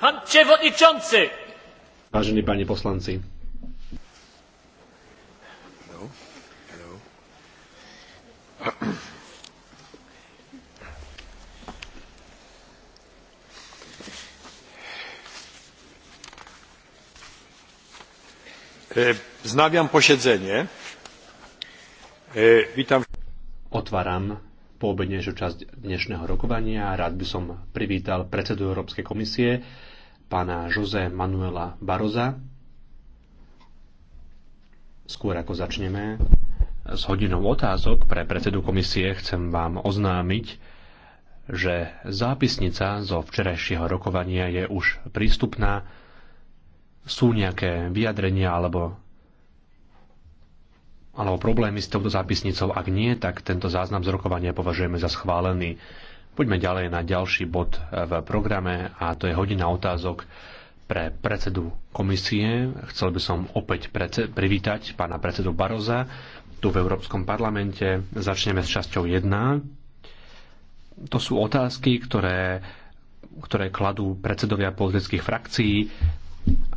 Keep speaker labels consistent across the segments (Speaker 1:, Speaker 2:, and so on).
Speaker 1: Pán Čevodničonci!
Speaker 2: Vážení páni poslanci. No, no. E, Znawiam posiedzenie. E, witam. Otváram poobednejšiu časť dnešného rokovania. Rád by som privítal predsedu Európskej komisie, pána Jose Manuela Baroza. Skôr ako začneme s hodinou otázok pre predsedu komisie, chcem vám oznámiť, že zápisnica zo včerajšieho rokovania je už prístupná. Sú nejaké vyjadrenia alebo alebo problémy s touto zápisnicou. Ak nie, tak tento záznam z rokovania považujeme za schválený. Poďme ďalej na ďalší bod v programe a to je hodina otázok pre predsedu komisie. Chcel by som opäť privítať pána predsedu Baroza tu v Európskom parlamente. Začneme s časťou 1. To sú otázky, ktoré, ktoré kladú predsedovia politických frakcií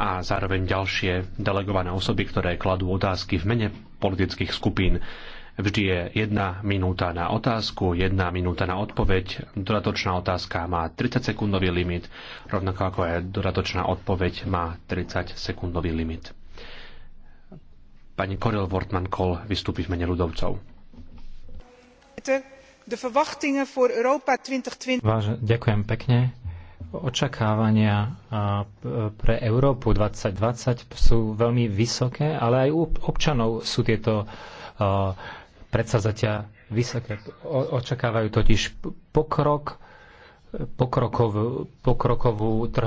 Speaker 2: a zároveň ďalšie delegované osoby, ktoré kladú otázky v mene politických skupín. Vždy je jedna minúta na otázku, jedna minúta na odpoveď. Dodatočná otázka má 30-sekundový limit, rovnako ako aj dodatočná odpoveď má 30-sekundový limit. Pani Korel wortmann Kol vystúpi v mene ľudovcov.
Speaker 1: ďakujem pekne. Očakávania pre Európu 2020 sú veľmi vysoké, ale aj u občanov sú tieto predsazatia vysoké. O, očakávajú totiž pokrok, pokrokovú, pokrokovú trh